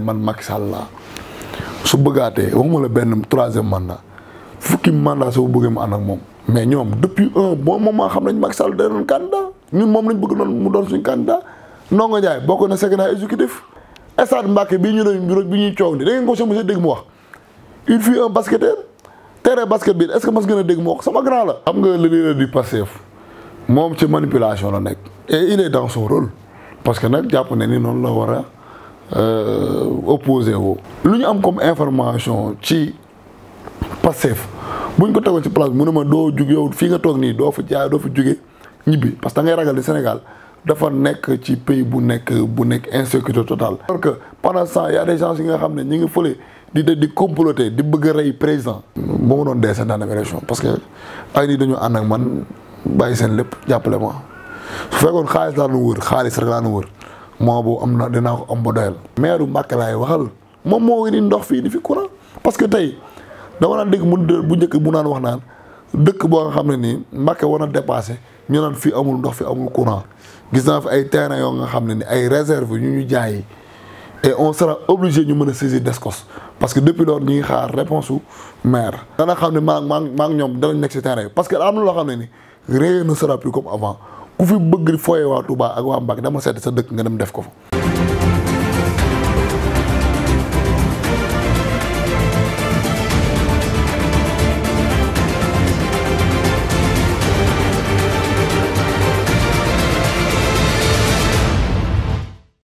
man Macky Sall su bëggaatee waxuma la benn troisième mandat fukki mandat soo bëggee mu ànd ak moom mais ñoom depuis un bon moment xam nañ Macky Sall da doon ñun moom lañ bëgg doon mu doon suñ candidat Ndongo Ndiaye bokk na secrétaire exécutif Stade Mbacké bii ñu doon bi ñuy coow ni da ngeen ko soo dégg mu wax il fut un basketteur terrain basket bi est-ce que mas gën a dégg mu wax sama grand la. xam nga le leader du Pastef moom ci manipulation la nekk et il parce que nag jàpp ne ni noonu la war Euh, opposé wu. lu ñu am comme information ci bu buñ ko tegoon ci place mu ne ma doo jug yow fii nga toog nii doo fa jaay doo fa jugee ñibbi parce que da ngay ragal di Sénégal dafa nekk ci pays bu nekk bu nekk insécurité totale. alors que pendant ce temps yi nga xam ne ñu ngi fële di de di comploter di bëgg a rey président. ba mu doon dee seen parce que ay nit dañu ànd ak man bàyyi seen lépp jàppale ma su fekkoon xaalis laa nu wër xaalis rek laa nu wër. moo am na dina ko am ba doyal. maire Mbacke laay waxal moom moo ngi ni ndox fii di fi courant parce que tey dama naan dégg mu bu njëkk bu naan wax naan dëkk boo nga xam ne nii Mbacke war na dépassé ñu naan fii amul ndox fi amul courant gis naa fi ay terrain yoo nga xam ne ni ay réserve ñu ñu jaay et on sera obligé ñu mën a saisir DSCOS parce que depuis loolu ñu ngi xaar réponse su maire. dana xam ne maa maa maa ngi ñoom danañ nekk si terrain parce que am na loo xam ne ni rien ne sera plus comme ku fi bëgg fooyee waa Touba ak waa Mbacke dama seet sa dëkk nga dem def ko fa